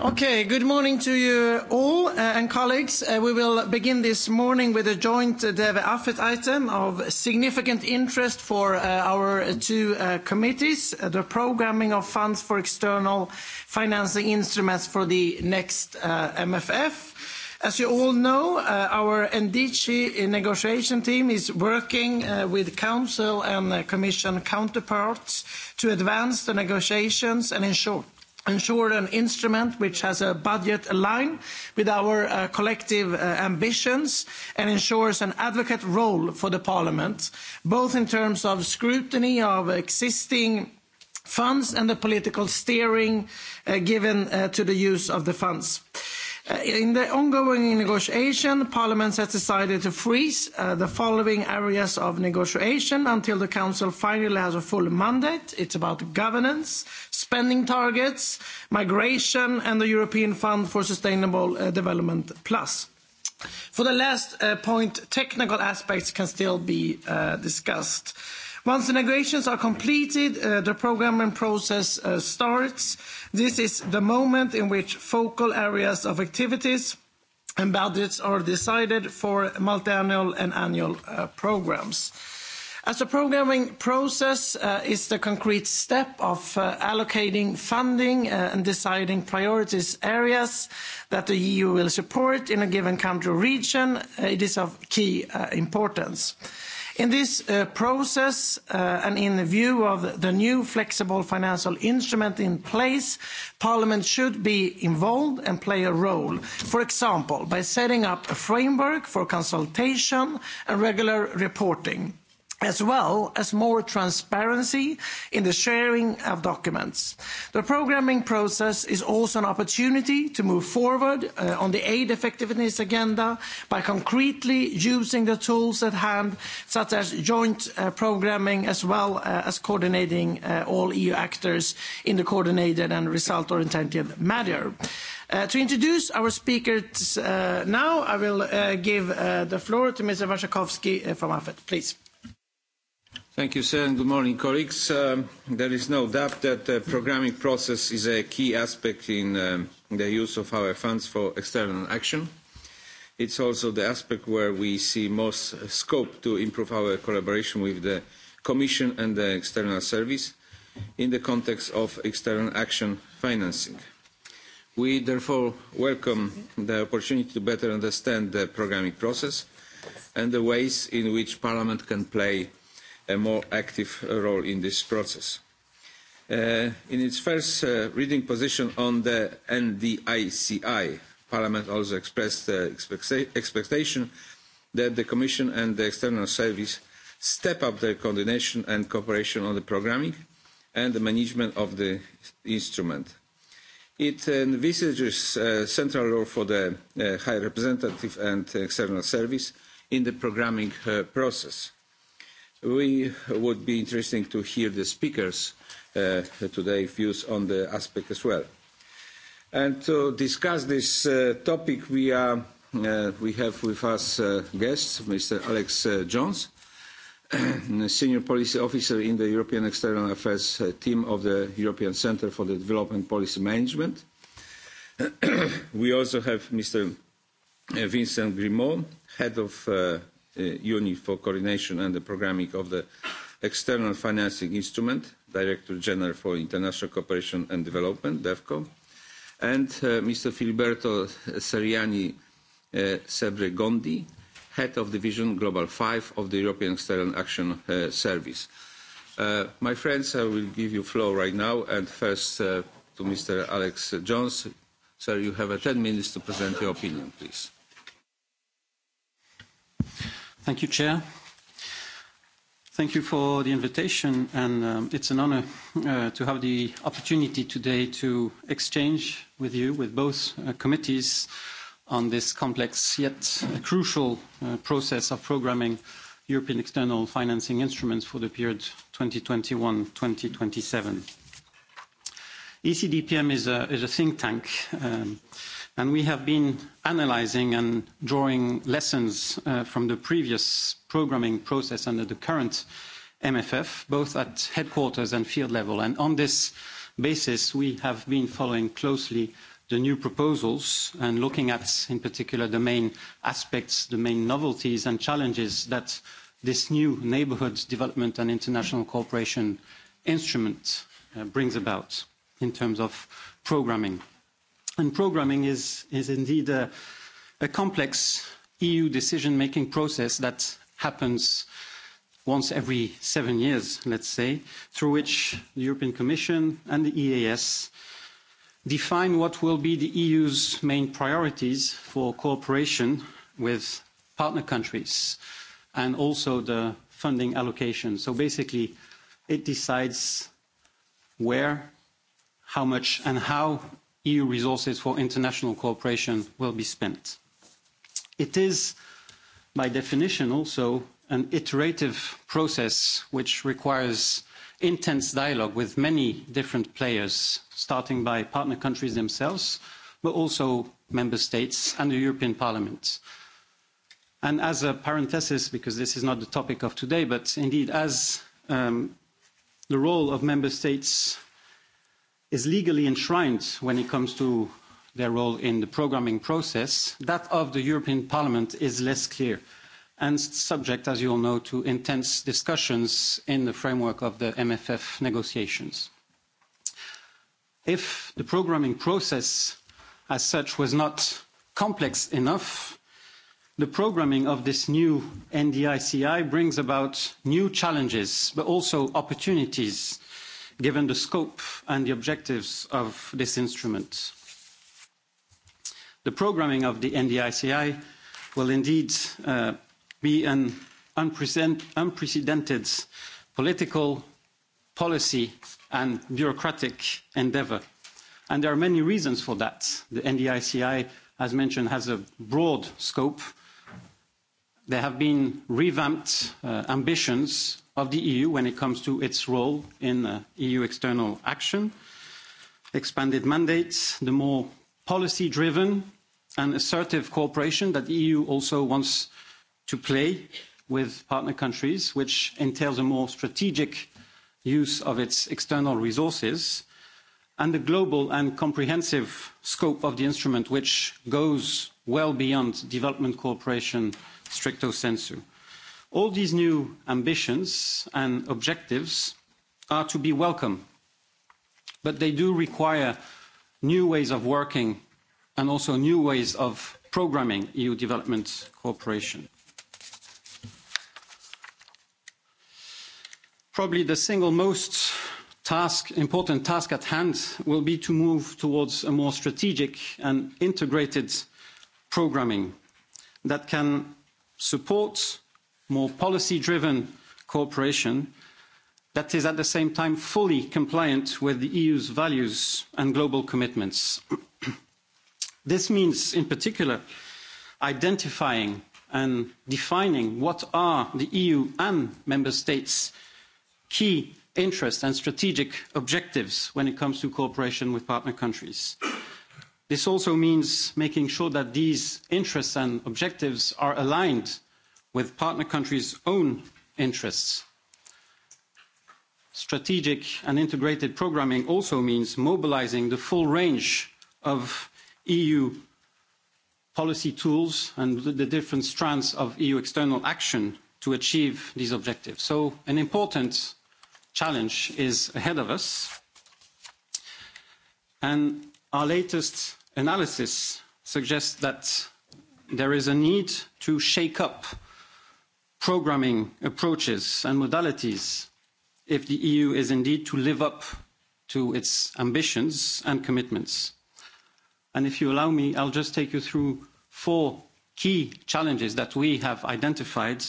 Okay, good morning to you all uh, and colleagues. Uh, we will begin this morning with a joint uh, DEVE AFET item of significant interest for uh, our two uh, committees, uh, the programming of funds for external financing instruments for the next uh, MFF. As you all know, our NDC negotiation team is working with Council and Commission counterparts to advance the negotiations and ensure ensure an instrument which has a budget aligned with our uh, collective uh, ambitions and ensures an advocate role for the parliament, both in terms of scrutiny of existing funds and the political steering uh, given uh, to the use of the funds. Uh, Uh, in the ongoing negotiation, Parliament has decided to freeze uh, the following areas of negotiation until the Council finally has a full mandate. It's about governance, spending targets, migration, and the European Fund for Sustainable uh, Development Plus. For the last point, technical aspects can still be discussed. Once the negotiations are completed, the programming process starts This is the moment in which focal areas of activities and budgets are decided for multi-annual and annual uh, programs. As the programming process uh, is the concrete step of uh, allocating funding uh, and deciding priorities areas that the EU will support in a given country or region, uh, it is of key uh, importance. In this uh, process, uh, and in view of the new flexible financial instrument in place, Parliament should be involved and play a role. For example, by setting up a framework for consultation and regular reporting as well as more transparency in the sharing of documents. The programming process is also an opportunity to move forward uh, on the aid effectiveness agenda by concretely using the tools at hand, such as joint uh, programming as well uh, as coordinating uh, all EU actors in the coordinated and result-oriented manner. Uh, to introduce our speakers uh, now, I will uh, give the floor to Mr. Waszakowski from AFET, please. Thank you, sir, and good morning, colleagues. Um, there is no doubt that the programming process is a key aspect in um, the use of our funds for external action. It's also the aspect where we see most scope to improve our collaboration with the Commission and the External Service in the context of external action financing. We therefore welcome the opportunity to better understand the programming process and the ways in which Parliament can play a more active role in this process. Uh, in its first uh, reading position on the NDICI, Parliament also expressed uh, the expectation that the Commission and the External Service step up their coordination and cooperation on the programming and the management of the instrument. It envisages a uh, central role for the uh, High Representative and External Service in the programming uh, process We would be interesting to hear the speakers uh, today views on the aspect as well. And to discuss this uh, topic, we, are, uh, we have with us uh, guests, Mr. Alex uh, Jones, Senior Policy Officer in the European External Affairs uh, team of the European Centre for the Development Policy Management. we also have Mr. Uh, Vincent Grimaud, Head of uh, Uh, unit for coordination and the programming of the external financing instrument, Director General for International Cooperation and Development, DEVCO, and uh, Mr. Filiberto Seriani uh, Sebregondi, Head of Division Global 5 of the European External Action Service. my friends, I will give you floor right now, and first to Mr. Alex Jones. Sir, you have 10 minutes to present your opinion, please. Thank you, Chair. Thank you for the invitation, and um, it's an honor uh, to have the opportunity today to exchange with you, with both uh, committees, on this complex yet crucial uh, process of programming European external financing instruments for the period 2021-2027. ECDPM is a, is a think tank. Um, and we have been analyzing and drawing lessons uh, from the previous programming process under the current MFF, both at headquarters and field level. And on this basis, we have been following closely the new proposals and looking at, in particular, the main aspects, the main novelties and challenges that this new neighborhood development and international cooperation instrument uh, brings about in terms of programming and programming is, is indeed a, a complex eu decision making process that happens once every seven years let's say through which the european commission and the eas define what will be the eu's main priorities for cooperation with partner countries and also the funding allocation. so basically it decides where how much and how EU resources for international cooperation will be spent. It is, by definition, also an iterative process which requires intense dialogue with many different players, starting by partner countries themselves, but also member states and the European Parliament. And as a parenthesis, because this is not the topic of today, but indeed, as um, the role of member states is legally enshrined when it comes to their role in the programming process, that of the European Parliament is less clear and subject, as you all know, to intense discussions in the framework of the MFF negotiations. If the programming process as such was not complex enough, the programming of this new NDICI brings about new challenges, but also opportunities given the scope and the objectives of this instrument. The programming of the NDICI will indeed uh, be an unprecedented political, policy and bureaucratic endeavour. And there are many reasons for that. The NDICI, as mentioned, has a broad scope. There have been revamped uh, ambitions of the EU when it comes to its role in uh, EU external action. Expanded mandates, the more policy driven and assertive cooperation that the EU also wants to play with partner countries, which entails a more strategic use of its external resources, and the global and comprehensive scope of the instrument, which goes well beyond development cooperation stricto sensu. All these new ambitions and objectives are to be welcome, but they do require new ways of working and also new ways of programming EU development cooperation. Probably the single most task, important task at hand will be to move towards a more strategic and integrated programming that can support more policy-driven cooperation that is at the same time fully compliant with the EU's values and global commitments. this means, in particular, identifying and defining what are the EU and member states' key interests and strategic objectives when it comes to cooperation with partner countries. This also means making sure that these interests and objectives are aligned with partner countries' own interests. Strategic and integrated programming also means mobilising the full range of EU policy tools and the different strands of EU external action to achieve these objectives. So an important challenge is ahead of us. And our latest analysis suggests that there is a need to shake up programming approaches and modalities if the eu is indeed to live up to its ambitions and commitments. And if you allow me i'll just take you through four key challenges that we have identified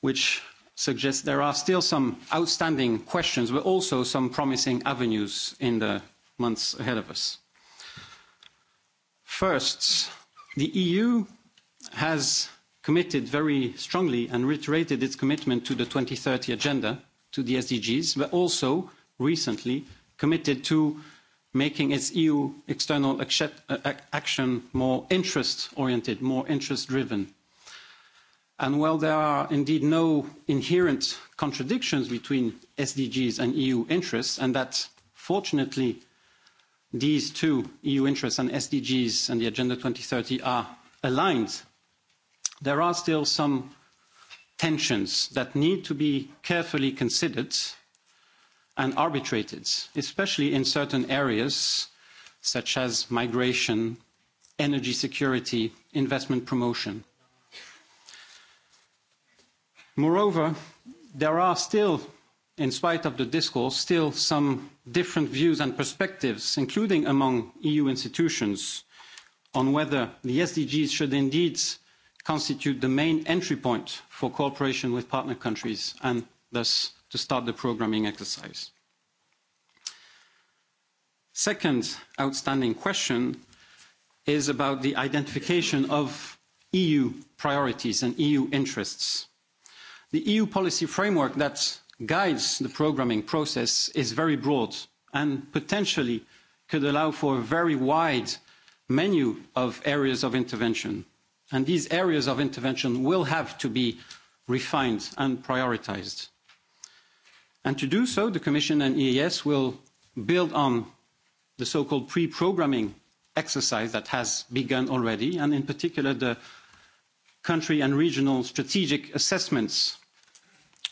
which suggest there are still some outstanding questions, but also some promising avenues in the months ahead of us. First, the EU has committed very strongly and reiterated its commitment to the 2030 agenda, to the SDGs, but also recently committed to making its EU external uh, action more interest-oriented, more interest-driven. And while there are indeed no inherent contradictions between SDGs and EU interests, and that fortunately these two EU interests and SDGs and the Agenda 2030 are aligned there are still some tensions that need to be carefully considered and arbitrated especially in certain areas such as migration energy security investment promotion. moreover there are still in spite of the discourse still some different views and perspectives including among eu institutions on whether the sdgs should indeed constitute the main entry point for cooperation with partner countries and thus to start the programming exercise. Second outstanding question is about the identification of EU priorities and EU interests. The EU policy framework that guides the programming process is very broad and potentially could allow for a very wide menu of areas of intervention and these areas of intervention will have to be refined and prioritised. And to do so, the Commission and EAS will build on the so-called pre-programming exercise that has begun already, and in particular the country and regional strategic assessments,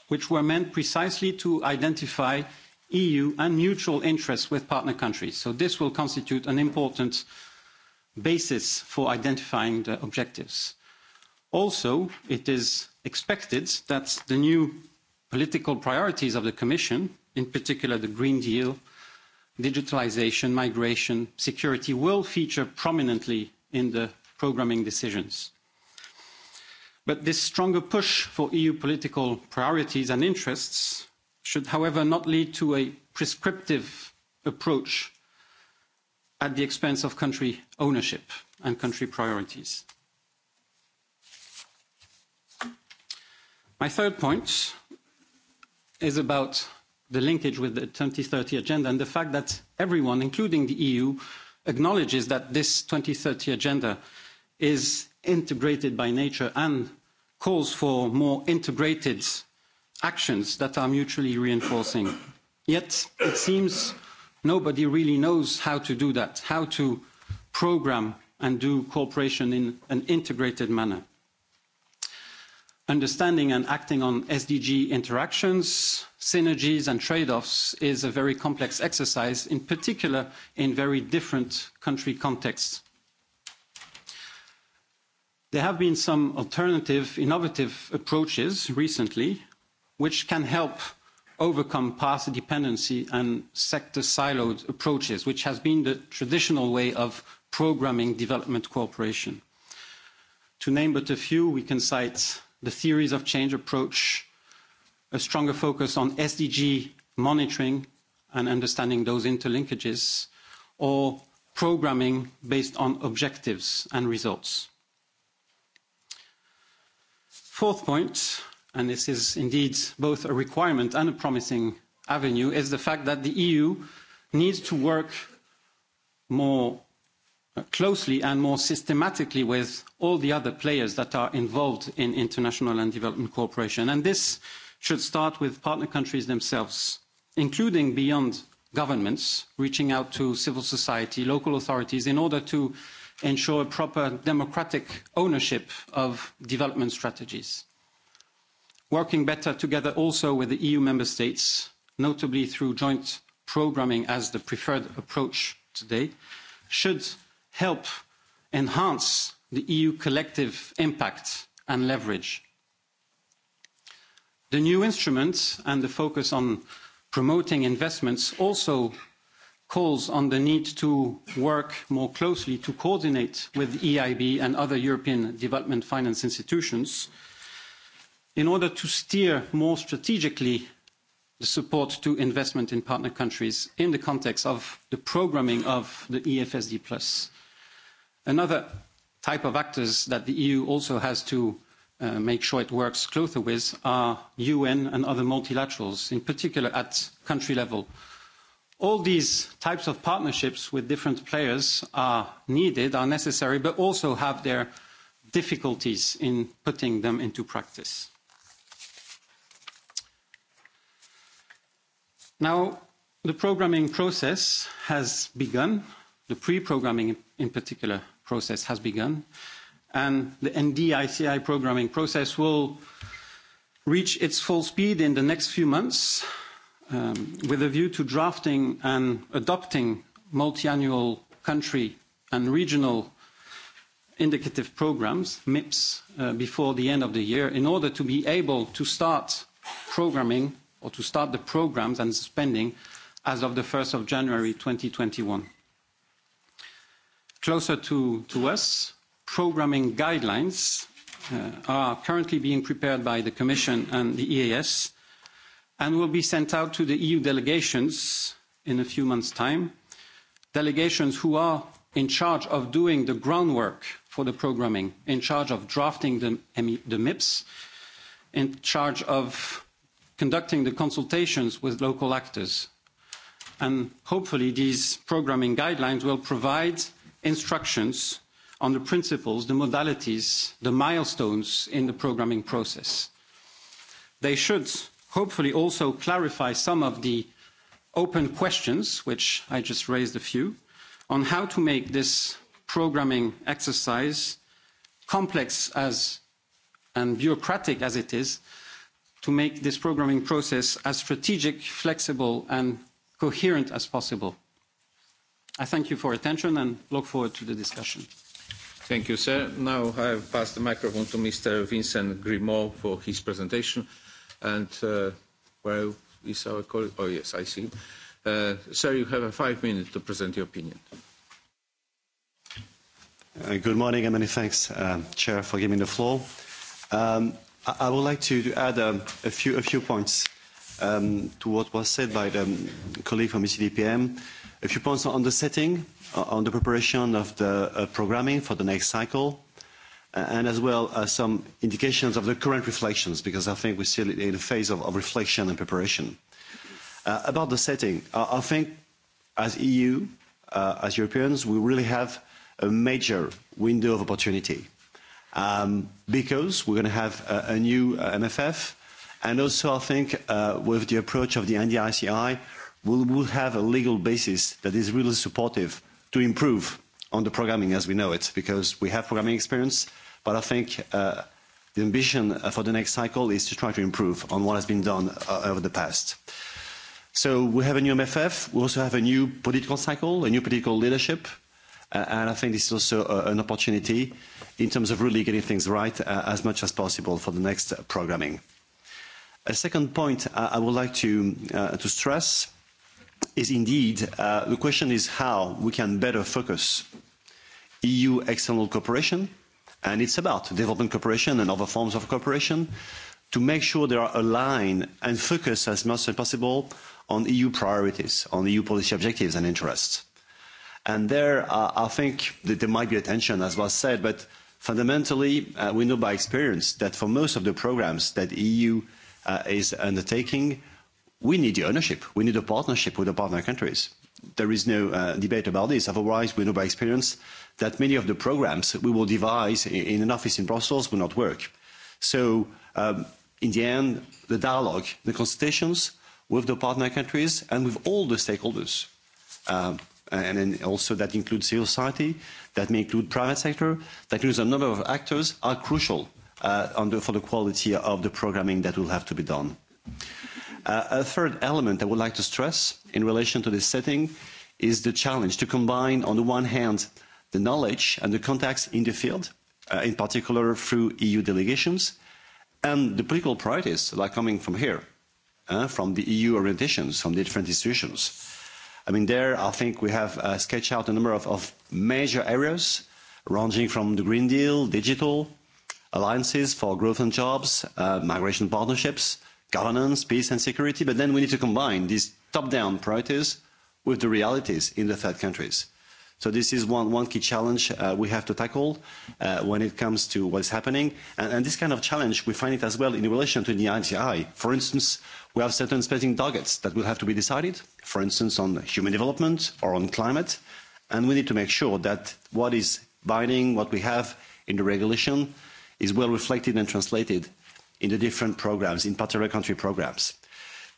which were meant precisely to identify EU and mutual interests with partner countries. So this will constitute an important basis for identifying the objectives. Also, it is expected that the new political priorities of the Commission, in particular the Green Deal, digitalisation, migration, security, will feature prominently in the programming decisions. But this stronger push for EU political priorities and interests should, however, not lead to a prescriptive approach at the expense of country ownership and country priorities. My third point is about the linkage with the 2030 agenda and the fact that everyone, including the EU, acknowledges that this 2030 agenda is integrated by nature and calls for more integrated actions that are mutually reinforcing. Yet it seems nobody really knows how to do that, how to programme and do cooperation in an integrated manner. Understanding and acting on SDG interactions, synergies and trade-offs is a very complex exercise, in particular in very different country contexts. There have been some alternative, innovative approaches recently, which can help overcome past dependency and sector siloed approaches, which has been the traditional way of programming development cooperation. To name but a few, we can cite the theories of change approach, a stronger focus on SDG monitoring and understanding those interlinkages, or programming based on objectives and results. Fourth point, and this is indeed both a requirement and a promising avenue, is the fact that the EU needs to work more closely and more systematically with all the other players that are involved in international and development cooperation. And this should start with partner countries themselves, including beyond governments, reaching out to civil society, local authorities, in order to ensure proper democratic ownership of development strategies working better together also with the EU member states, notably through joint programming as the preferred approach today, should help enhance the EU collective impact and leverage. The new instruments and the focus on promoting investments also calls on the need to work more closely to coordinate with the EIB and other European development finance institutions in order to steer more strategically the support to investment in partner countries in the context of the programming of the EFSD+. Another type of actors that the EU also has to uh, make sure it works closer with are UN and other multilaterals, in particular at country level. All these types of partnerships with different players are needed, are necessary, but also have their difficulties in putting them into practice. Now, the programming process has begun. The pre-programming, in particular, process has begun, and the NDICI programming process will reach its full speed in the next few months, um, with a view to drafting and adopting multiannual country and regional indicative programs, MIPS, uh, before the end of the year, in order to be able to start programming or to start the programs and spending as of the 1st of January 2021. Closer to, us, programming guidelines uh, are currently being prepared by the Commission and the EAS and will be sent out to the EU delegations in a few months' time, delegations who are in charge of doing the groundwork for the programming, in charge of drafting the MIPS, e, in charge of conducting the consultations with local actors. And hopefully these programming guidelines will provide instructions on the principles, the modalities, the milestones in the programming process. They should hopefully also clarify some of the open questions, which I just raised a few, on how to make this programming exercise complex as and bureaucratic as it is, to make this programming process as strategic, flexible and coherent as possible. I thank you for your attention and look forward to the discussion. Thank you, sir. Now I have passed the microphone to Mr. Vincent Grimaud for his presentation. And uh, where is our colleague? Oh, yes, I see. Uh, sir, you have five minutes to present your opinion. Uh, good morning and many thanks, uh, Chair, for giving me the floor. Um, I would like to add um, a, few, a few points um, to what was said by the um, colleague from ECDPM. A few points on the setting, uh, on the preparation of the uh, programming for the next cycle, and as well as some indications of the current reflections, because I think we're still in a phase of, of reflection and preparation. Uh, about the setting, I think as EU, uh, as Europeans, we really have a major window of opportunity Um, because we're going to have a, new uh, MFF. And also, I think uh, with the approach of the NDICI, we will have a legal basis that is really supportive to improve on the programming as we know it, because we have programming experience. But I think uh, the ambition for the next cycle is to try to improve on what has been done over the past. So we have a new MFF. We also have a new political cycle, a new political leadership and I think this is also uh, an opportunity in terms of really getting things right uh, as much as possible for the next uh, programming. A second point I would like to, to stress is indeed the question is how we can better focus EU external cooperation, and it's about development cooperation and other forms of cooperation, to make sure they are aligned and focused as much as possible on EU priorities, on EU policy objectives and interests. And there, uh, I think that there might be a tension, as was said, but fundamentally, uh, we know by experience that for most of the programs that EU uh, is undertaking, we need the ownership. We need a partnership with the partner countries. There is no debate about this. Otherwise, we know by experience that many of the programs we will devise in an office in Brussels will not work. So, um, in the end, the dialogue, the consultations with the partner countries and with all the stakeholders um, Uh, and then also that includes civil society, that may include private sector, that includes a number of actors, are crucial uh, on the, for the quality of the programming that will have to be done. Uh, a third element I would like to stress in relation to this setting is the challenge to combine, on the one hand, the knowledge and the contacts in the field, uh, in particular through EU delegations, and the political priorities that are coming from here, uh, from the EU orientations, from the different institutions I mean, there, I think we have uh, sketched out a number of, major areas ranging from the Green Deal, digital, alliances for growth and jobs, uh, migration partnerships, governance, peace and security. But then we need to combine these top-down priorities with the realities in the third countries. So this is one, one key challenge uh, we have to tackle uh, when it comes to what's happening. And, this kind of challenge, we find it as well in relation to the ITI. For instance, we have certain spending targets that will have to be decided, for instance, on human development or on climate. And we need to make sure that what is binding, what we have in the regulation, is well reflected and translated in the different programs, in particular country programs.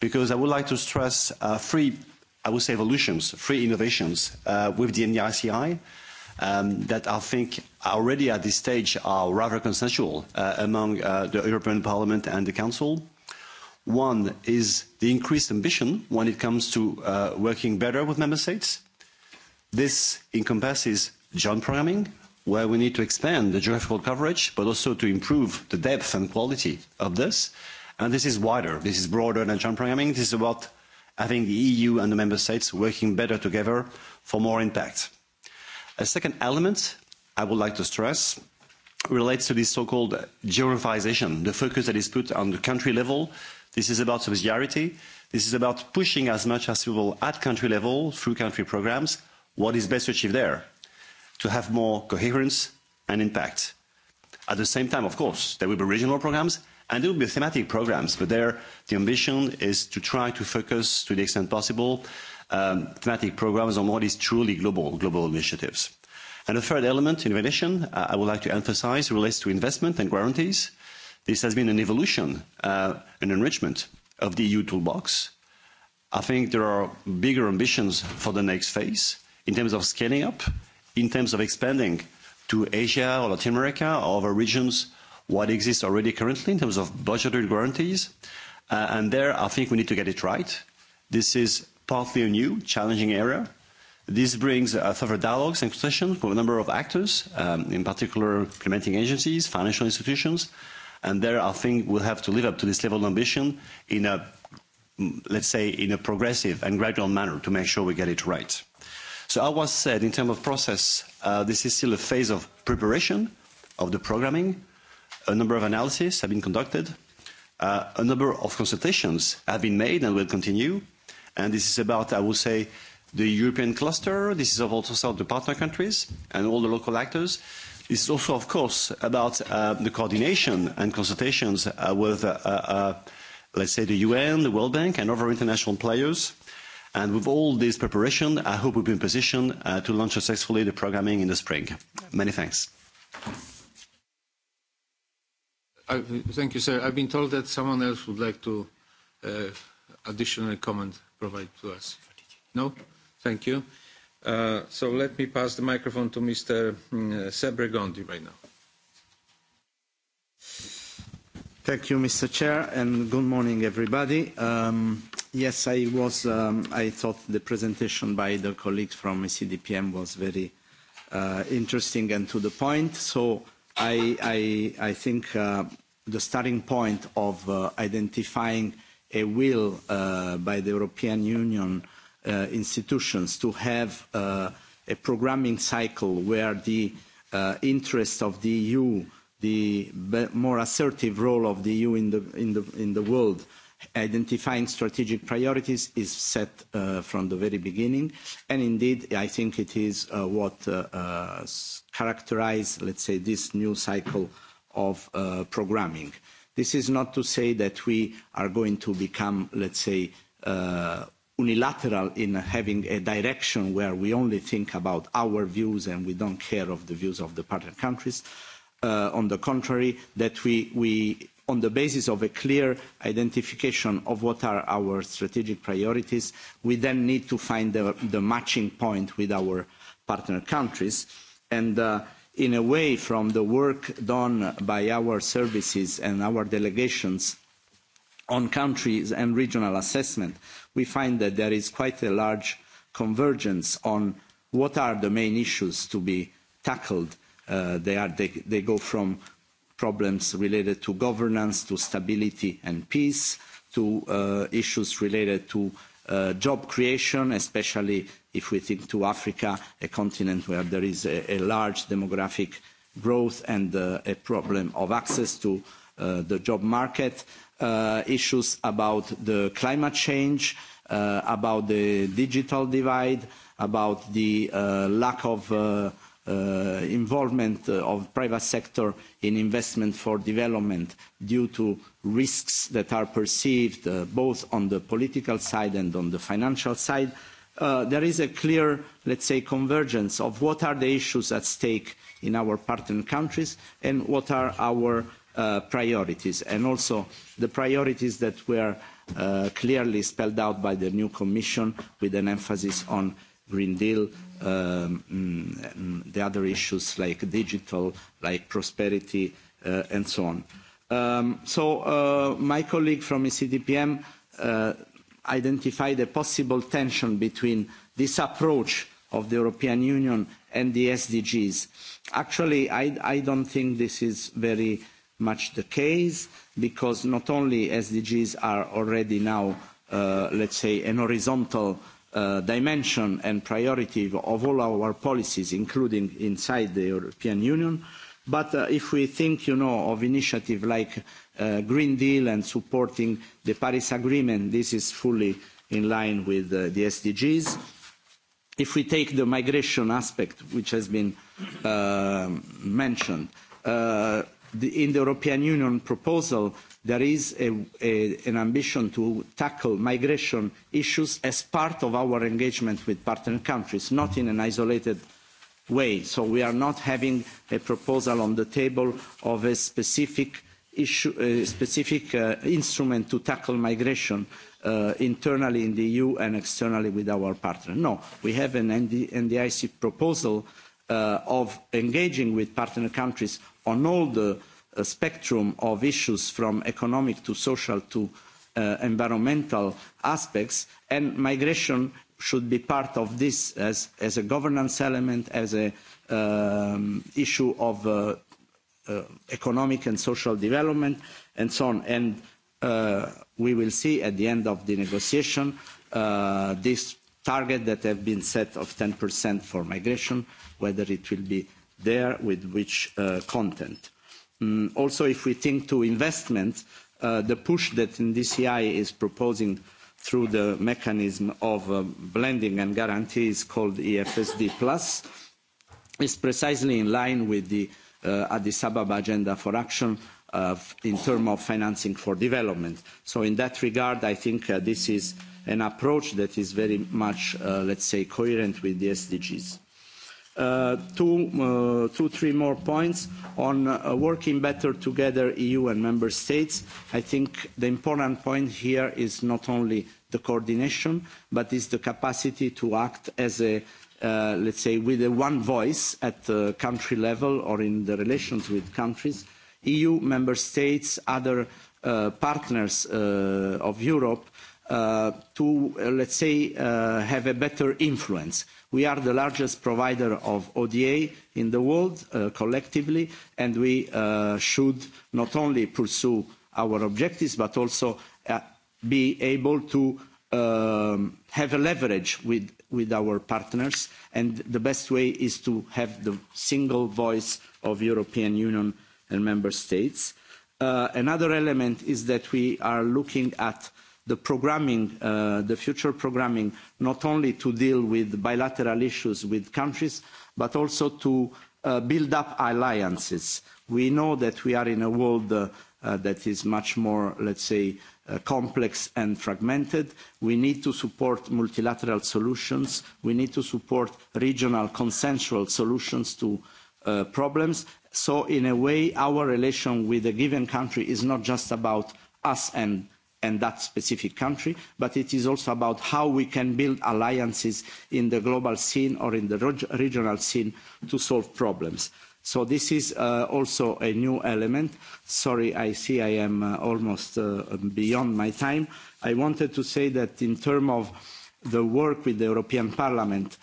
Because I would like to stress uh, three I would say, evolutions, three innovations uh, with the NDICI e um, that I think already at this stage are rather consensual uh, among uh, the European Parliament and the Council. One is the increased ambition when it comes to uh, working better with member states. This encompasses joint programming, where we need to expand the geographical coverage, but also to improve the depth and quality of this. And this is wider. This is broader than joint programming. This is about I think the EU and the member states working better together for more impact. A second element I would like to stress relates to the so-called geographization, the focus that is put on the country level. This is about subsidiarity. This is about pushing as much as possible at country level through country programs what is best achieved there to have more coherence and impact. At the same time, of course, there will be regional programs And there will be thematic programs, but there the ambition is to try to focus to the extent possible um, thematic programs on what is truly global, global initiatives. And the third element in addition, uh, I would like to emphasize, relates to investment and guarantees. This has been an evolution, uh, an enrichment of the EU toolbox. I think there are bigger ambitions for the next phase in terms of scaling up, in terms of expanding to Asia or Latin America or other regions what exists already currently in terms of budgetary guarantees. Uh, and there, I think we need to get it right. This is partly a new, challenging area. This brings further uh, dialogues and discussions with a number of actors, um, in particular implementing agencies, financial institutions. And there, I think we'll have to live up to this level of ambition in a, mm, let's say, in a progressive and gradual manner to make sure we get it right. So as was said, in terms of process, uh, this is still a phase of preparation of the programming, A number of analyses have been conducted. Uh, a number of consultations have been made and will continue. And this is about, I would say, the European cluster. This is also about the partner countries and all the local actors. This is also, of course, about uh, the coordination and consultations uh, with, uh, uh, let's say, the UN, the World Bank, and other international players. And with all this preparation, I hope we'll be in position uh, to launch successfully the programming in the spring. Many thanks thank you, sir. I've been told that someone else would like to uh, additional comment provide to us. No? Thank you. Uh, so let me pass the microphone to Mr. Mm, Sebregondi right now. Thank you, Mr. Chair, and good morning, everybody. Um, yes, I was. Um, I thought the presentation by the colleagues from CDPM was very uh, interesting and to the point. So I, think uh, the starting point of uh, identifying a will uh, by the European Union institutions to have a programming cycle where the interest interests of the EU, the more assertive role of the EU in the, in the, in the world, identifying strategic priorities is set uh, from the very beginning. And indeed, I think it is uh, what characterises, uh, characterize, let's say, this new cycle of programming. This is not to say that we are going to become, let's say, unilateral in having a direction where we only think about our views and we don't care of the views of the partner countries. on the contrary, that we, we on the basis of a clear identification of what are our strategic priorities, we then need to find the, the matching point with our partner countries. And uh, in a way, from the work done by our services and our delegations on countries and regional assessment, we find that there is quite a large convergence on what are the main issues to be tackled. Uh, they, are, they, they go from problems related to governance, to stability and peace, to uh, issues related to uh, job creation, especially if we think to Africa, a continent where there is a, a large demographic growth and uh, a problem of access to uh, the job market, uh, issues about the climate change, uh, about the digital divide, about the lack of uh, involvement uh, of private sector in investment for development due to risks that are perceived uh, both on the political side and on the financial side, uh, there is a clear, let's say, convergence of what are the issues at stake in our partner countries and what are our uh, priorities, and also the priorities that were uh, clearly spelled out by the new Commission with an emphasis on Green Deal, um, mm, the other issues like digital, like prosperity, uh, and so on. Um, so uh, my colleague from ECDPM uh, identified a possible tension between this approach of the European Union and the SDGs. Actually, I, I don't think this is very much the case because not only SDGs are already now, uh, let's say, an horizontal uh, Uh, dimension and priority of all our policies, including inside the European Union. But uh, if we think, you know, of initiative like the uh, Green Deal and supporting the Paris Agreement, this is fully in line with the SDGs. If we take the migration aspect, which has been mentioned, in the European Union proposal, there is a, a, an ambition to tackle migration issues as part of our engagement with partner countries, not in an isolated way. So we are not having a proposal on the table of a specific, issue, a specific uh, instrument to tackle migration uh, internally in the EU and externally with our partner. No, we have an ND, NDIC proposal uh, of engaging with partner countries on all the spectrum of issues from economic to social to uh, environmental aspects and migration should be part of this as, as a governance element, as an um, issue of uh, uh, economic and social development and so on. And uh, we will see at the end of the negotiation uh, this target that have been set of 10% for migration, whether it will be there with which uh, content. Mm, also, if we think to investment, uh, the push that DCI is proposing through the mechanism of uh, blending and guarantees called EFSD Plus is precisely in line with the uh, Addis Ababa Agenda for Action uh, in terms of financing for development. So in that regard, I think uh, this is an approach that is very much, uh, let's say, coherent with the SDGs. Uh, two, uh, two, three more points on uh, working better together EU and member states. I think the important point here is not only the coordination, but is the capacity to act as a, uh, let's say, with a one voice at the country level or in the relations with countries, EU, member states, other uh, partners uh, of Europe, uh, to, uh, let's say, uh, have a better influence We are the largest provider of ODA in the world uh, collectively, and we uh, should not only pursue our objectives, but also uh, be able to um, have a leverage with, with our partners. And the best way is to have the single voice of European Union and member states. Uh, another element is that we are looking at the programming, uh, the future programming, not only to deal with bilateral issues with countries, but also to uh, build up alliances. We know that we are in a world uh, uh, that is much more, let's say, uh, complex and fragmented. We need to support multilateral solutions. We need to support regional consensual solutions to uh, problems. So in a way, our relation with a given country is not just about us and and that specific country but it is also about how we can build alliances in the global scene or in the regional scene to solve problems. so this is uh, also a new element. sorry i see i am uh, almost uh, beyond my time. i wanted to say that in terms of the work with the european parliament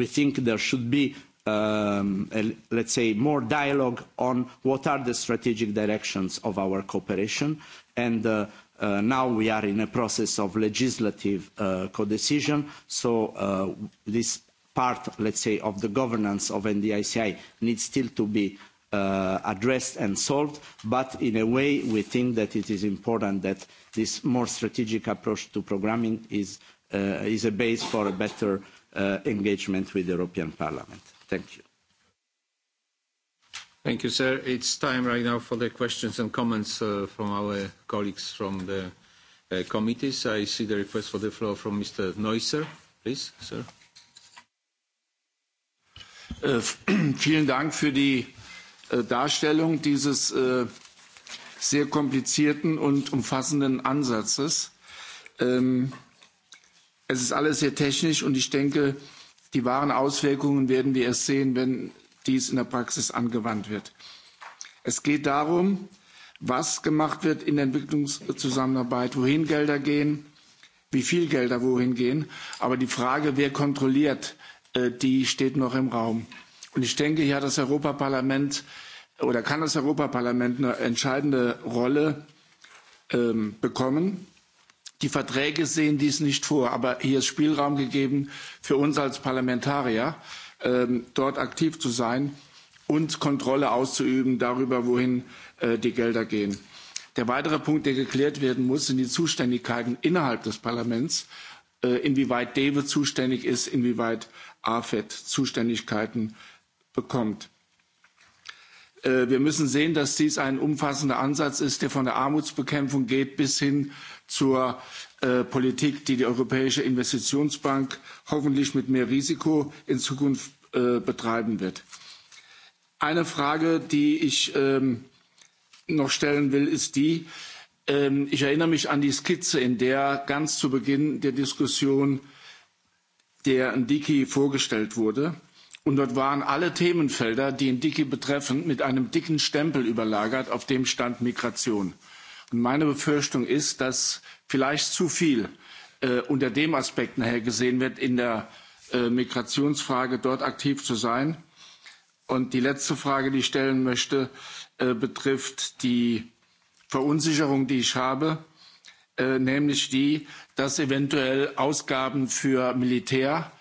we think there should be um, a, let's say more dialogue on what are the strategic directions of our cooperation and uh, Uh, now we are in a process of legislative uh, codecision, so uh, this part, let's say, of the governance of NDICI needs still to be uh, addressed and solved, but in a way we think that it is important that this more strategic approach to programming is, uh, is a base for a better uh, engagement with the European Parliament. Thank you. Thank you, sir. It's time right now for the questions and comments uh, from our colleagues from the uh, committees. I see the request for the floor from Mr. Neusser. Please, sir. Äh, vielen Dank für die äh, Darstellung dieses äh, sehr komplizierten und umfassenden Ansatzes. Ähm, es ist alles sehr technisch und ich denke, die wahren Auswirkungen werden wir erst sehen, wenn dies in der Praxis angewandt wird. Es geht darum, was gemacht wird in der Entwicklungszusammenarbeit, wohin Gelder gehen, wie viel Gelder wohin gehen. Aber die Frage, wer kontrolliert, äh, die steht noch im Raum. Und ich denke, hier hat das Europaparlament oder kann das Europaparlament eine entscheidende Rolle ähm, bekommen. Die Verträge sehen dies nicht vor, aber hier ist Spielraum gegeben für uns als Parlamentarier. Ähm, dort aktiv zu sein und Kontrolle auszuüben darüber, wohin äh, die Gelder gehen. Der weitere Punkt, der geklärt werden muss, sind die Zuständigkeiten innerhalb des Parlaments, äh, inwieweit DEWE zuständig ist, inwieweit AFET Zuständigkeiten bekommt. Äh, wir müssen sehen, dass dies ein umfassender Ansatz ist, der von der Armutsbekämpfung geht bis hin zur Äh, Politik, die die Europäische Investitionsbank hoffentlich mit mehr Risiko in Zukunft äh, betreiben wird. Eine Frage, die ich ähm, noch stellen will, ist die, ähm, ich erinnere mich an die Skizze, in der ganz zu Beginn der Diskussion der Ndiki vorgestellt wurde. Und dort waren alle Themenfelder, die Ndiki betreffen, mit einem dicken Stempel überlagert, auf dem stand Migration. Und meine Befürchtung ist, dass vielleicht zu viel äh, unter dem Aspekt nachher gesehen wird, in der äh, Migrationsfrage dort aktiv zu sein. Und die letzte Frage, die ich stellen möchte, äh, betrifft die Verunsicherung, die ich habe, äh, nämlich die, dass eventuell Ausgaben für Militär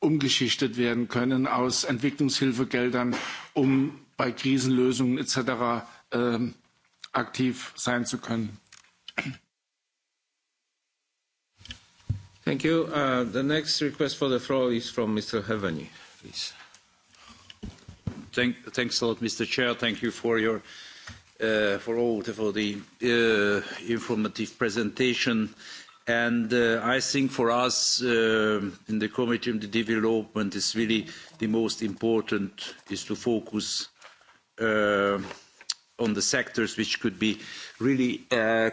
umgeschichtet werden können aus Entwicklungshilfegeldern, um bei Krisenlösungen etc. Äh, aktiv sein zu können. Thank you. Uh, the next request for the floor is from Mr. Heveny, please. thanks a lot, Mr. Chair. Thank you for your uh, for all for the uh, informative presentation. And I think for us in the Committee the Development is really the most important is to focus on the sectors which could be really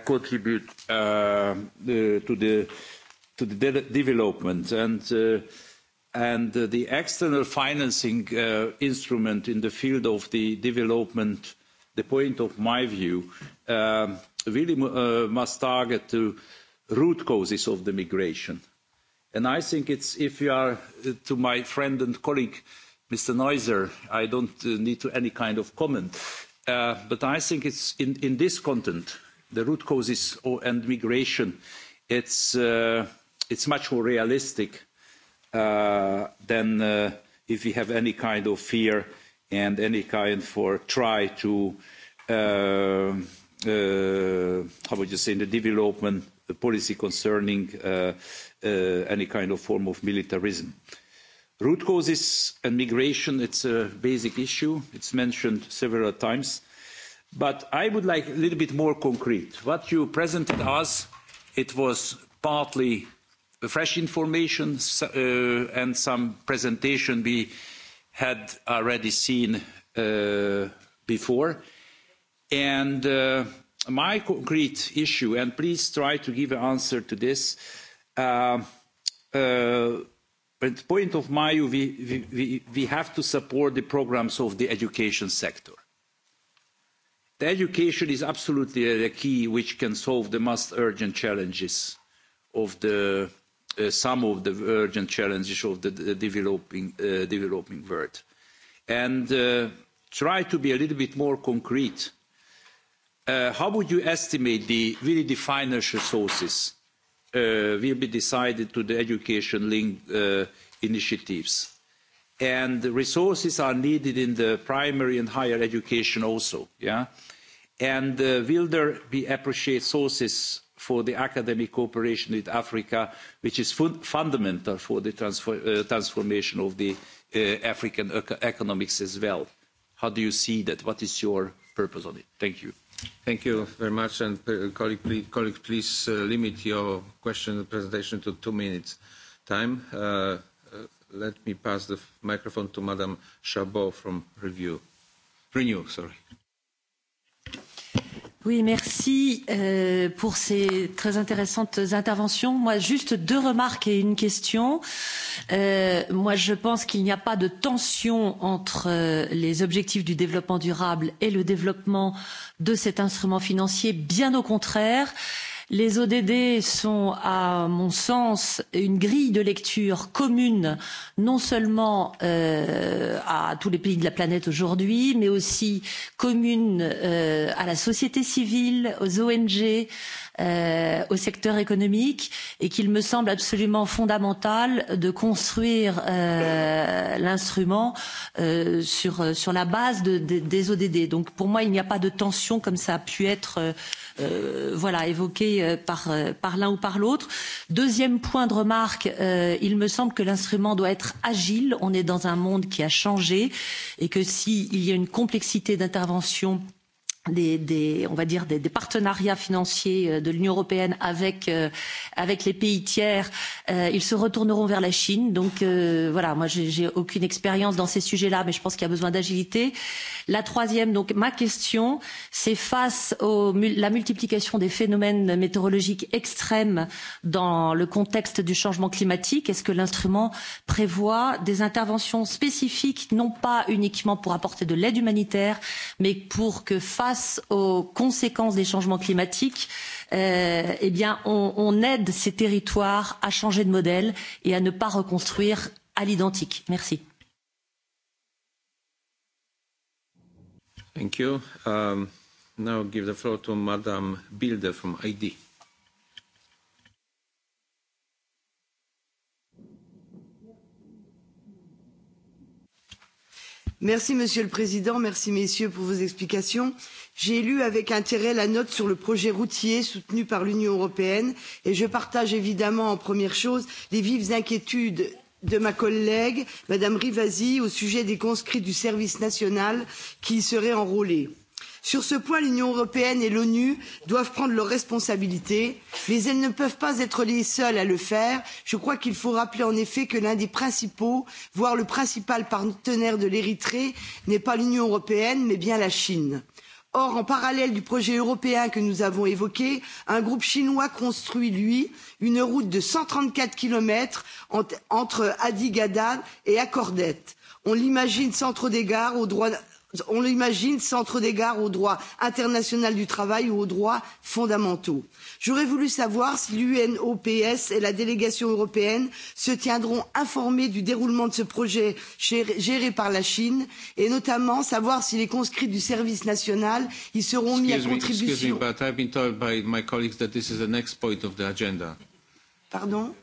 contribute to the to the de development and uh, and uh, the external financing uh, instrument in the field of the development the point of my view um, really uh, must target the root causes of the migration and i think it's if you are uh, to my friend and colleague mr neuser i don't uh, need to any kind of comment but i think it's in, in this content the root causes and migration it's it's much more realistic uh, than uh, if we have any kind of fear and any kind for try to uh, uh, how would you say in the development the policy concerning uh, uh, any kind of form of militarism. Root causes and migration, it's a basic issue. It's mentioned several times. But I would like a little bit more concrete. What you presented us, it was partly fresh information uh, and some presentation we had already seen uh, before. And uh, my concrete issue, and please try to give an answer to this, um, uh, uh, but the point of my view, we, we, we have to support the programs of the education sector. The education is absolutely the key which can solve the most urgent challenges of the Uh, some of the urgent challenges of the, developing, uh, developing world and uh, try to be a little bit more concrete. Uh, how would you estimate the really the financial sources uh, will be decided to the education linked uh, initiatives? And resources are needed in the primary and higher education also, yeah? And uh, will there be appropriate sources for the academic cooperation with Africa, which is fun fundamental for the transfer, uh, transformation of the uh, African ec economics as well. How do you see that? What is your purpose on it? Thank you. Thank you very much. And uh, colleague, please, colleague, please uh, limit your question and presentation to two minutes time. Uh, uh let me pass the microphone to Madame Chabot from Review. Renew, sorry. Oui, merci euh, pour ces très intéressantes interventions. Moi, juste deux remarques et une question. Euh, moi, je pense qu'il n'y a pas de tension entre euh, les objectifs du développement durable et le développement de cet instrument financier. Bien au contraire, les odd sont à mon sens une grille de lecture commune non seulement euh, à tous les pays de la planète aujourd'hui mais aussi commune euh, à la société civile aux ong euh, au secteur économique et qu'il me semble absolument fondamental de construire euh, l'instrument euh, sur, sur la base de, de, des odd. donc pour moi il n'y a pas de tension comme ça a pu être euh, Euh, voilà, évoqué euh, par, euh, par l'un ou par l'autre. Deuxième point de remarque, euh, il me semble que l'instrument doit être agile. On est dans un monde qui a changé et que s'il si y a une complexité d'intervention des, des, on va dire des, des partenariats financiers euh, de l'Union européenne avec euh, avec les pays tiers, euh, ils se retourneront vers la Chine. Donc euh, voilà, moi j'ai aucune expérience dans ces sujets-là, mais je pense qu'il y a besoin d'agilité. La troisième, donc ma question, c'est face à la multiplication des phénomènes météorologiques extrêmes dans le contexte du changement climatique, est-ce que l'instrument prévoit des interventions spécifiques, non pas uniquement pour apporter de l'aide humanitaire, mais pour que face face aux conséquences des changements climatiques, euh, eh bien, on, on aide ces territoires à changer de modèle et à ne pas reconstruire à l'identique. Merci. Thank you. Um, now give the floor to Madam Bilder from ID. Merci Monsieur le Président, merci Messieurs pour vos explications j'ai lu avec intérêt la note sur le projet routier soutenu par l'union européenne et je partage évidemment en première chose les vives inquiétudes de ma collègue mme rivasi au sujet des conscrits du service national qui y seraient enrôlés. sur ce point l'union européenne et l'onu doivent prendre leurs responsabilités mais elles ne peuvent pas être les seules à le faire. je crois qu'il faut rappeler en effet que l'un des principaux voire le principal partenaire de l'érythrée n'est pas l'union européenne mais bien la chine. Or, en parallèle du projet européen que nous avons évoqué, un groupe chinois construit, lui, une route de 134 km entre Adigada et Accordette. On l'imagine sans trop d'égards aux droits on l'imagine centre d'égard au droit international du travail ou aux droits fondamentaux. j'aurais voulu savoir si l'unops et la délégation européenne se tiendront informés du déroulement de ce projet géré par la chine et notamment savoir si les conscrits du service national y seront mis à contribution. pardon?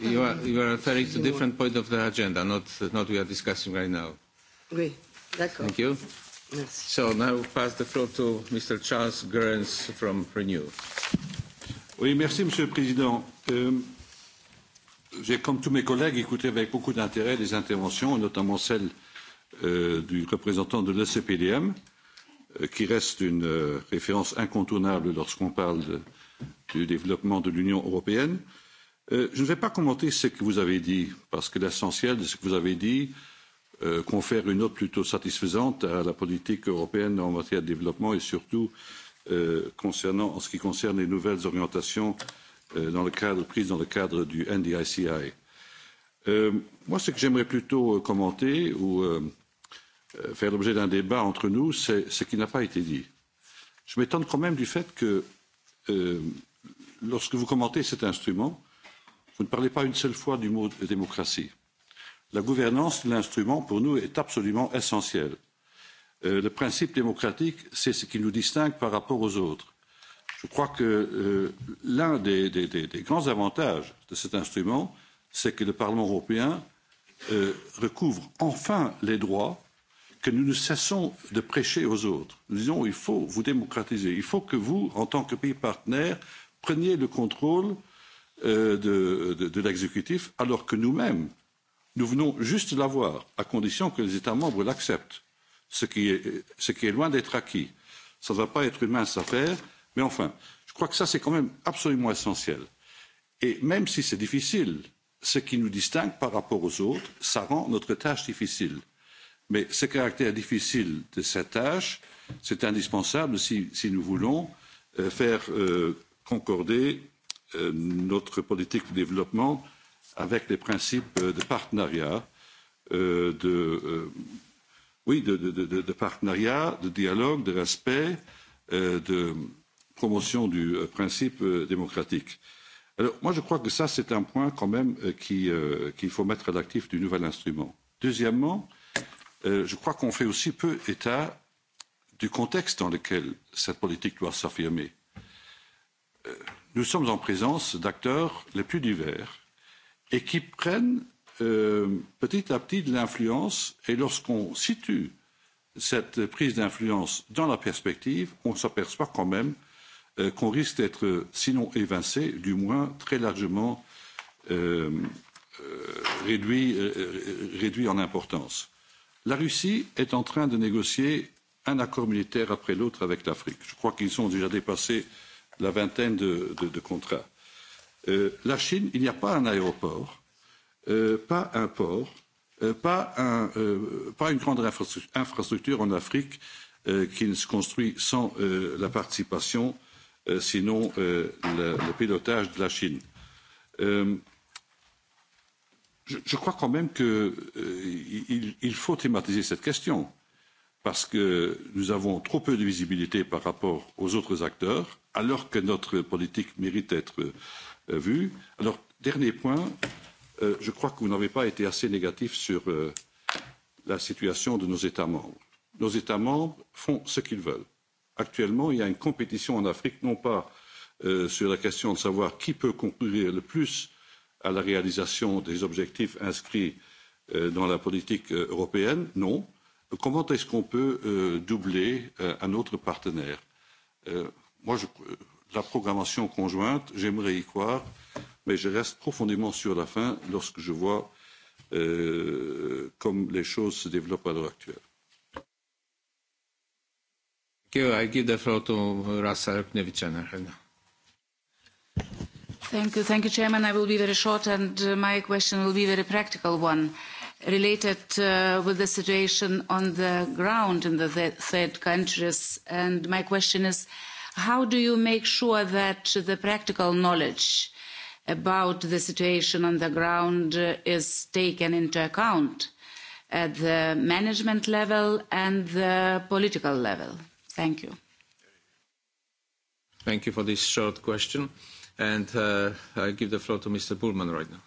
You are, you are referring to a different point of the agenda, not what we are discussing right now. Oui, d'accord. Thank you. Merci. So now pass the floor to Mr. Charles Gerens from Renew. Oui, merci, Monsieur le Président. Euh, J'ai, comme tous mes collègues, écouté avec beaucoup d'intérêt les interventions, notamment celle euh, du représentant de l'ECPDM, euh, qui reste une euh, référence incontournable lorsqu'on parle de, du développement de l'Union européenne. Euh, Euh, je ne vais pas commenter ce que vous avez dit, parce que l'essentiel de ce que vous avez dit euh, confère une note plutôt satisfaisante à la politique européenne en matière de développement et surtout euh, concernant, en ce qui concerne les nouvelles orientations euh, dans le cadre, prises dans le cadre du NDICI. Euh, moi, ce que j'aimerais plutôt euh, commenter ou euh, euh, faire l'objet d'un débat entre nous, c'est ce qui n'a pas été dit. Je m'étonne quand même du fait que euh, lorsque vous commentez cet instrument, euh, Vous ne parlez pas une seule fois du mot démocratie. La gouvernance de l'instrument, pour nous, est absolument essentielle. Euh, le principe démocratique, c'est ce qui nous distingue par rapport aux autres. Je crois que euh, l'un des, des, des, des grands avantages de cet instrument, c'est que le Parlement européen euh, recouvre enfin les droits que nous ne cessons de prêcher aux autres. Nous disons il faut vous démocratiser, il faut que vous, en tant que pays partenaire, preniez le contrôle euh, Euh, de, de, de l'exécutif, alors que nous-mêmes, nous venons juste de l'avoir, à condition que les États membres l'acceptent, ce qui est, ce qui est loin d'être acquis. Ça ne va pas être une mince affaire, mais enfin, je crois que ça, c'est quand même absolument essentiel. Et même si c'est difficile, ce qui nous distingue par rapport aux autres, ça rend notre tâche difficile. Mais ce caractère difficile de cette tâche, c'est indispensable si, si nous voulons euh, faire euh, concorder Euh, notre politique de développement avec les principes euh, de partenariat, euh, de, euh, oui, de, de, de, de partenariat, de dialogue, de respect, euh, de promotion du euh, principe euh, démocratique. Alors, moi, je crois que ça, c'est un point quand même euh, euh qu'il euh, faut mettre à l'actif du nouvel instrument. Deuxièmement, euh, je crois qu'on fait aussi peu état du contexte dans lequel cette politique doit s'affirmer nous sommes en présence d'acteurs les plus divers et qui prennent euh, petit à petit de l'influence et lorsqu'on situe cette prise d'influence dans la perspective, on s'aperçoit quand même euh, qu'on risque d'être, sinon évincé, du moins très largement euh, euh, réduit, euh, euh réduit en importance. La Russie est en train de négocier un accord militaire après l'autre avec l'Afrique. Je crois qu'ils ont déjà dépassé euh, la vingtaine de, de, de contrats. Euh, la Chine, il n'y a pas un aéroport, euh, pas un port, euh, pas, un, euh, pas une grande infrastructure en Afrique euh, qui ne se construit sans euh, la participation, euh, sinon euh, le, le pilotage de la Chine. Euh, je, je crois quand même qu'il euh, il faut thématiser cette question parce que nous avons trop peu de visibilité par rapport aux autres acteurs alors que notre politique mérite d'être euh, vue. Alors, dernier point, euh, je crois que vous n'avez pas été assez négatif sur euh, la situation de nos États membres. Nos États membres font ce qu'ils veulent. Actuellement, il y a une compétition en Afrique, non pas euh, sur la question de savoir qui peut concourir le plus à la réalisation des objectifs inscrits euh, dans la politique euh, européenne, non. Comment est-ce qu'on peut euh, doubler euh, un autre partenaire euh, moi, je, la programmation conjointe, j'aimerais y croire, mais je reste profondément sur la fin lorsque je vois euh, comme les choses se développent à l'heure actuelle. Thank you. Thank you, Chairman. I will be very short, and uh, my question will be a very practical one related uh, with the situation on the ground in the th third countries. And my question is, uh, How do you make sure that the practical knowledge about the situation on the ground is taken into account at the management level and the political level? Thank you. Thank you for this short question. And uh, I give the floor to Mr. Bullman right now.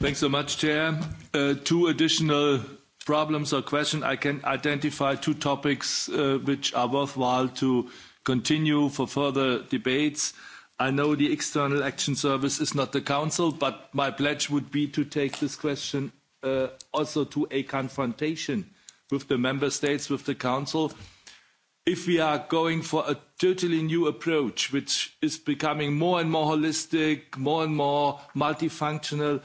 Thanks so much, Chair. Uh, two additional problems or questions. I can identify two topics uh, which are worthwhile to continue for further debates. I know the External Action Service is not the Council, but my pledge would be to take this question uh, also to a confrontation with the Member States, with the Council. If we are going for a totally new approach, which is becoming more and more holistic, more and more multifunctional,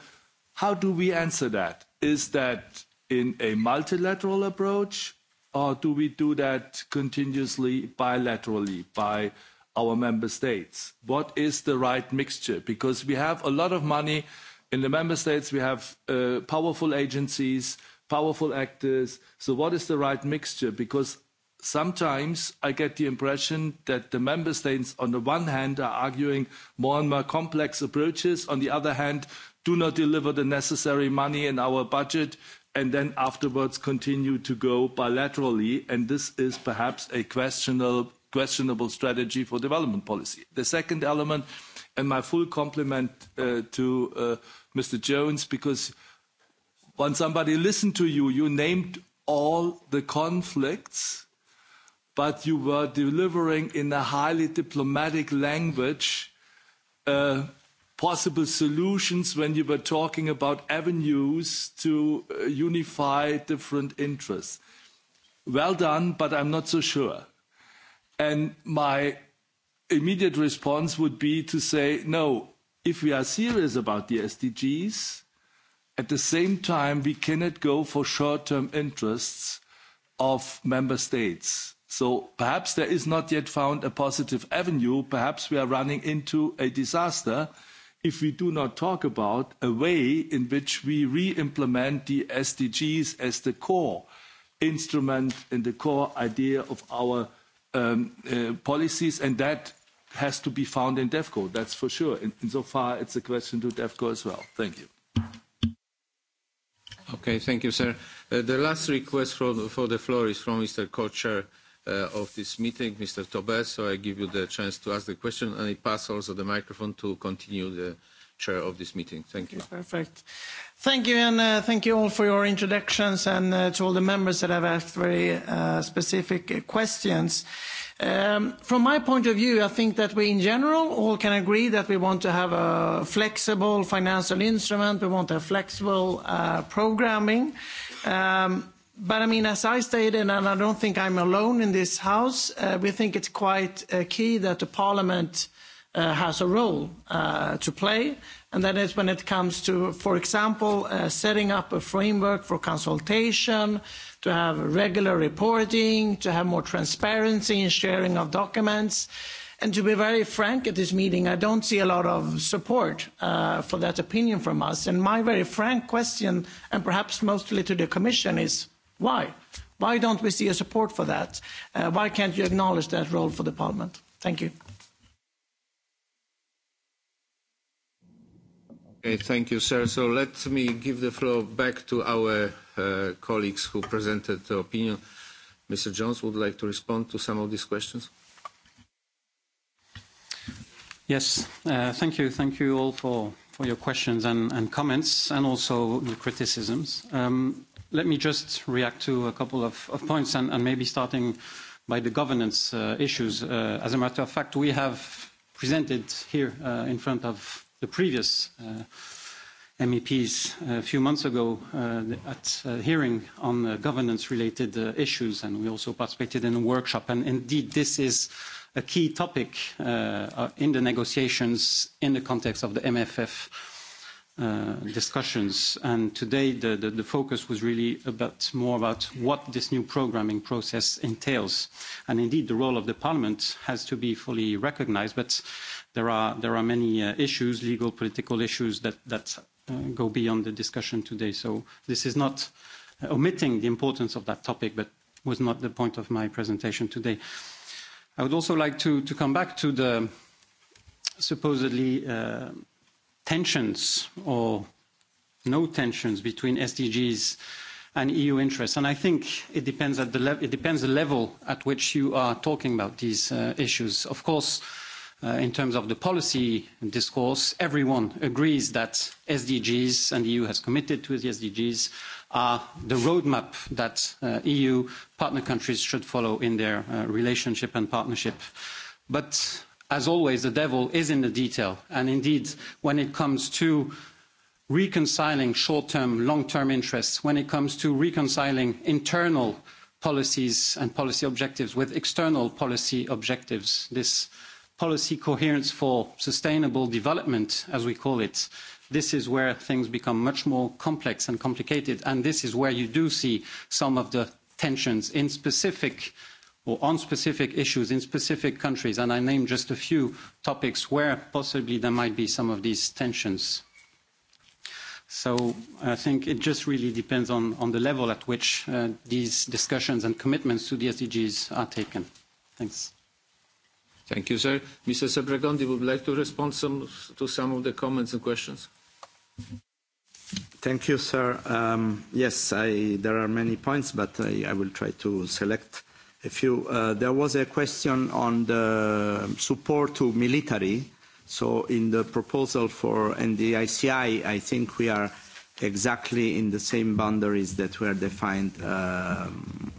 how do we answer that? Is that in a multilateral approach? or do we do that continuously bilaterally by our member states? What is the right mixture? Because we have a lot of money in the member states, we have uh, powerful agencies, powerful actors. So what is the right mixture? Because sometimes I get the impression that the member states, on the one hand, are arguing more and more complex approaches, on the other hand, do not deliver the necessary money in our budget and then afterwards continue to go bilaterally, and this is perhaps a questionable, questionable strategy for development policy. The second element, and my full compliment uh, to uh, Mr. Jones, because when somebody listened to you, you named all the conflicts, but you were delivering in a highly diplomatic language uh, possible solutions when you were talking about avenues to uh, unify different interests. Well done, but I'm not so sure. And my immediate response would be to say, no, if we are serious about the SDGs, at the same time, we cannot go for short-term interests of member states. So perhaps there is not yet found a positive avenue. Perhaps we are running into a disaster if we do not talk about a way in which we re-implement the SDGs as the core instrument and the core idea of our um, uh, policies, and that has to be found in DEFCO, that's for sure. And insofar, it's a question to DEFCO as well. Thank you. Okay, thank you, sir. Uh, the last request for the, for the floor is from Mr. co Uh, of this meeting, Mr. Tobé, so I give you the chance to ask the question, and I pass also the microphone to continue the chair of this meeting. Thank you. Perfect. Thank you, and uh, thank you all for your introductions and uh, to all the members that have asked very specific questions. Um, from my point of view, I think that we, in general, all can agree that we want to have a flexible financial instrument. We want a flexible programming. Um, But I mean, as I stated, and I don't think I'm alone in this house, uh, we think it's quite uh, key that the parliament uh, has a role uh, to play, and that is when it comes to, for example, uh, setting up a framework for consultation, to have regular reporting, to have more transparency in sharing of documents. And to be very frank at this meeting, I don't see a lot of support uh, for that opinion from us. And my very frank question, and perhaps mostly to the Commission, is Why? Why don't we see a support for that? Uh, why can't you acknowledge that role for the Parliament? Thank you. Okay, thank you, sir. So let me give the floor back to our uh, colleagues who presented the opinion. Mr. Jones would like to respond to some of these questions. Yes, uh, thank you. Thank you all for, for your questions and, and comments and also the criticisms. Um, Let me just react to a couple of, points and, maybe starting by the governance uh, issues. Uh, as a matter of fact, we have presented here uh, in front of the previous MEPs a few months ago at a hearing on governance-related issues, and we also participated in a workshop. And Indeed, this is a key topic in the negotiations in the context of the MFF Uh, discussions. And today, the, focus was really about more about what this new programming process entails. And indeed, the role of the parliament has to be fully recognized, but there are, many uh, issues, legal, political issues that, uh, go beyond the discussion today. So this is not omitting the importance of that topic, but was not the point of my presentation today. I would also like to come back to the supposedly tensions or no tensions between SDGs and EU interests. And I think it depends at the le- it depends the level at which you are talking about these uh, issues. Of course, uh, in terms of the policy discourse, everyone agrees that SDGs and the EU has committed to the SDGs are the roadmap that uh, EU partner countries should follow in their uh, relationship and partnership. But as always, the devil is in the detail. And indeed, when it comes to reconciling short-term, long-term interests, when it comes to reconciling internal policies and policy objectives with external policy objectives, this policy coherence for sustainable development, as we call it, this is where things become much more complex and complicated. And this is where you do see some of the tensions in specific or on specific issues in specific countries, and I name just a few topics where possibly there might be some of these tensions. So I think it just really depends on, on the level at which uh, these discussions and commitments to the SDGs are taken. Thanks. Thank you, sir. Mr. Sebregondi would like to respond some, to some of the comments and questions. Thank you, sir. Um, yes, I, there are many points, but I, I will try to select Uh, there was a question on the support to military. So in the proposal for NDICI, I think we are exactly in the same boundaries that were defined um,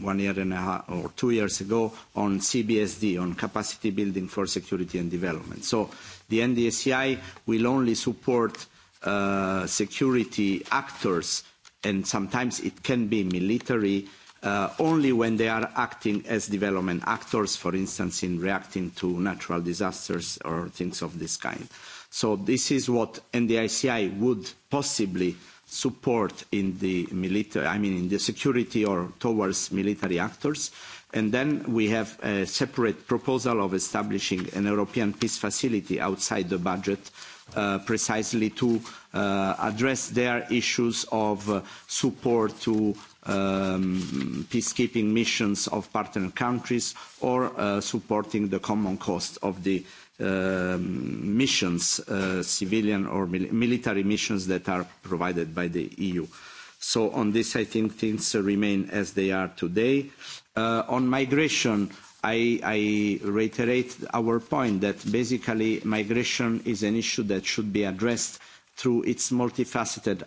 one year and a half or two years ago on CBSD, on capacity building for security and development. So the NDICI will only support uh, security actors, and sometimes it can be military Uh, only when they are acting as development actors, for instance, in reacting to natural disasters or things of this kind. So this is what NDICI would possibly support in the military, I mean in the security or towards military actors. And then we have a separate proposal of establishing an European peace facility outside the budget uh, precisely to uh, address their issues of uh, support to Um, peacekeeping missions of partner countries or uh, supporting the common cost of the uh, missions, uh, civilian or mil military missions that are provided by the EU. So on this, I think things remain as they are today. Uh, on migration, I, I reiterate our point that basically migration is an issue that should be addressed through its multifaceted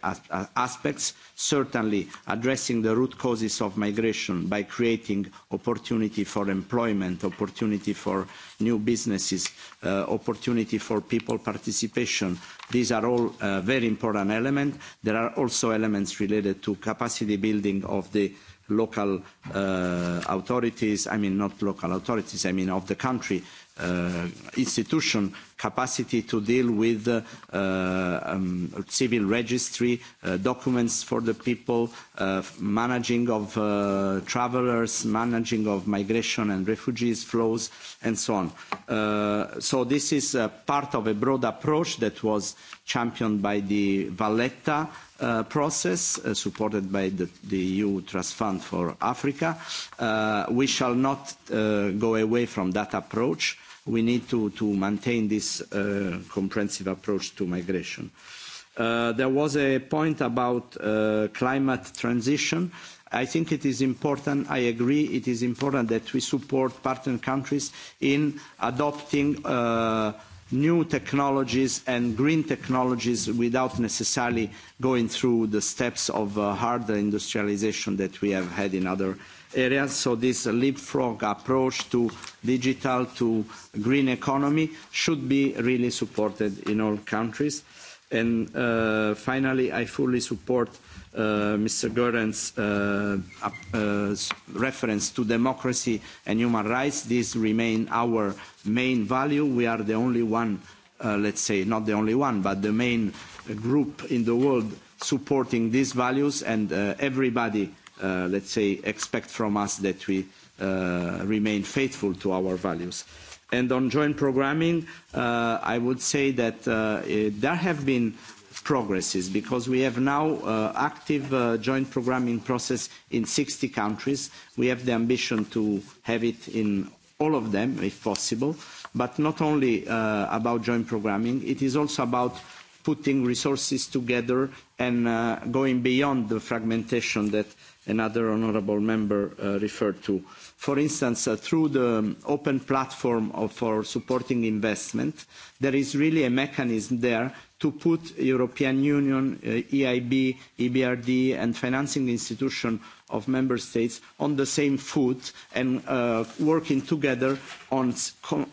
aspects, certainly addressing the root causes of migration by creating opportunity for employment, opportunity for new businesses, uh, opportunity for people participation. These are all uh, very important elements. There are also elements related to capacity building of the local uh, authorities, I mean not local authorities, I mean of the country uh, institution capacity to deal with uh, um, civil registry, uh, documents for the people, uh, managing of uh, travelers, managing of migration and refugees flows, and so on. Uh, so this is uh, part of a broad approach that was championed by the Valletta Uh, process uh, supported by the, the, EU Trust Fund for Africa. Uh, we shall not uh, go away from that approach we need to, to maintain this uh, comprehensive approach to migration. Uh, there was a point about uh, climate transition. I think it is important, I agree, it is important that we support partner countries in adopting new technologies and green technologies without necessarily going through the steps of harder hard industrialization that we have had in other countries areas. So this leapfrog approach to digital, to green economy should be really supported in all countries. And uh, finally, I fully support uh, Mr. Goerens' uh, uh, reference to democracy and human rights. These remain our main value. We are the only one, uh, let's say, not the only one, but the main group in the world supporting these values, and uh, everybody Uh, let's say, expect from us that we uh, remain faithful to our values. And on joint programming, uh, I would say that there have been progresses because we have now active joint programming process in 60 countries. We have the ambition to have it in all of them, if possible. But not only about joint programming, it is also about putting resources together and going beyond the fragmentation that another honourable member uh, referred to. For instance, uh, through the um, open platform for supporting investment, there is really a mechanism there to put European Union, uh, EIB, EBRD and financing institution of member states on the same foot and working together on,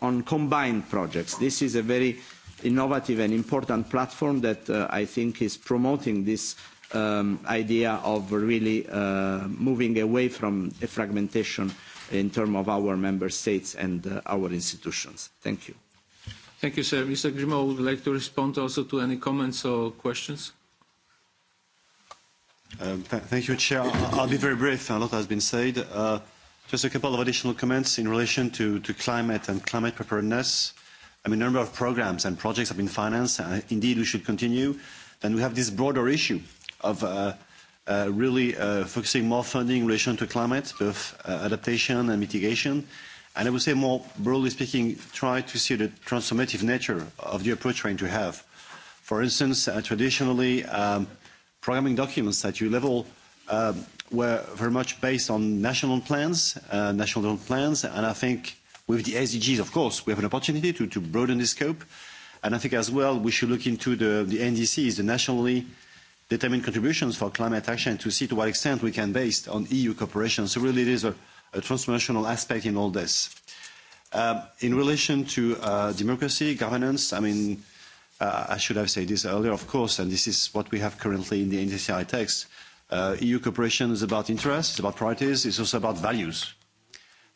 on combined projects. This is a very innovative and important platform that I think is promoting this Um, idea of really uh, moving away from a fragmentation in terms of our member states and uh, our institutions. Thank you. Thank you, sir. Mr. Grimaud would like to respond also to any comments or questions. Um, thank you, Chair. I'll be very brief. A lot has been said. Uh, just a couple of additional comments in relation to, climate and climate preparedness. I mean, a number of programs and projects have been financed. and indeed, we should continue. Then we have this broader issue of uh, uh, really uh, focusing more funding in relation to climate, both uh, adaptation and mitigation. And I would say more broadly speaking, try to see the transformative nature of the approach trying to have. For instance, uh, traditionally, um, programming documents at EU level um, were very much based on national plans, uh, national plans, and I think with the SDGs, of course, we have an opportunity to, to broaden the scope. And I think as well, we should look into the, the NDCs, the nationally determine contributions for climate action to see to what extent we can based on EU cooperation. So really it is a, a transformational aspect in all this. Uh, in relation to uh, democracy, governance, I mean, uh, I should have said this earlier, of course, and this is what we have currently in the NDCI text. Uh, EU cooperation is about interests, it's about priorities, it's also about values.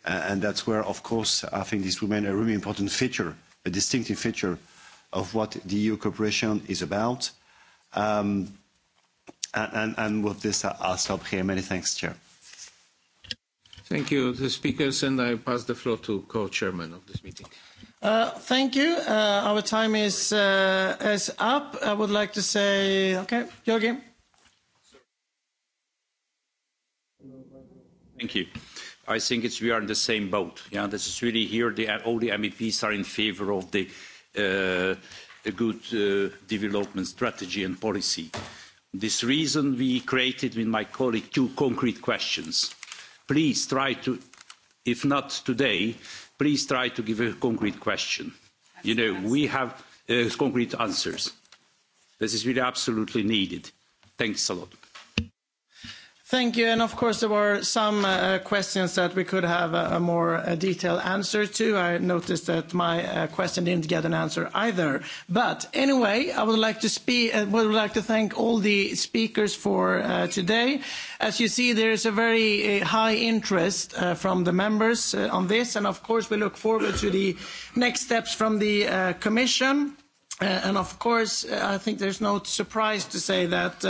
Uh, and that's where, of course, I think this remains a really important feature, a distinctive feature of what the EU cooperation is about. Um, And, and, and with this, I'll stop here. Many thanks, Chair. Thank you, the speakers, and I pass the floor to co-chairman of this meeting. Uh, thank you. Uh, our time is, uh, is up. I would like to say, okay, Jorgen. Thank you. I think it's we are in the same boat. Yeah, this is really here. The, all the MEPs are in favour of the, uh, the good uh, development strategy and policy. Uh, this reason we created with my colleague two concrete questions. please try to if not today please try to give a concrete question. you know we have uh, concrete answers. this is really absolutely needed. thanks a lot. Thank you. And of course, there were some uh, questions that we could have a, more uh, detailed answer to. I noticed that my uh, question didn't get an answer either. But anyway, I would like to speak, would like to thank all the speakers for today. As you see, there is a very high interest from the members on this, and of course, we look forward to the next steps from the Commission. And of course, I think there's no surprise to say that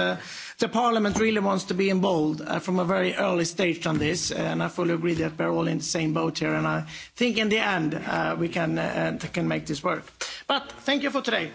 the Parliament really wants to be involved uh, from a very early stage on this, and I fully agree that we're all in the same boat here. And I think in the end uh, we can uh, uh can make this work. But thank you for today.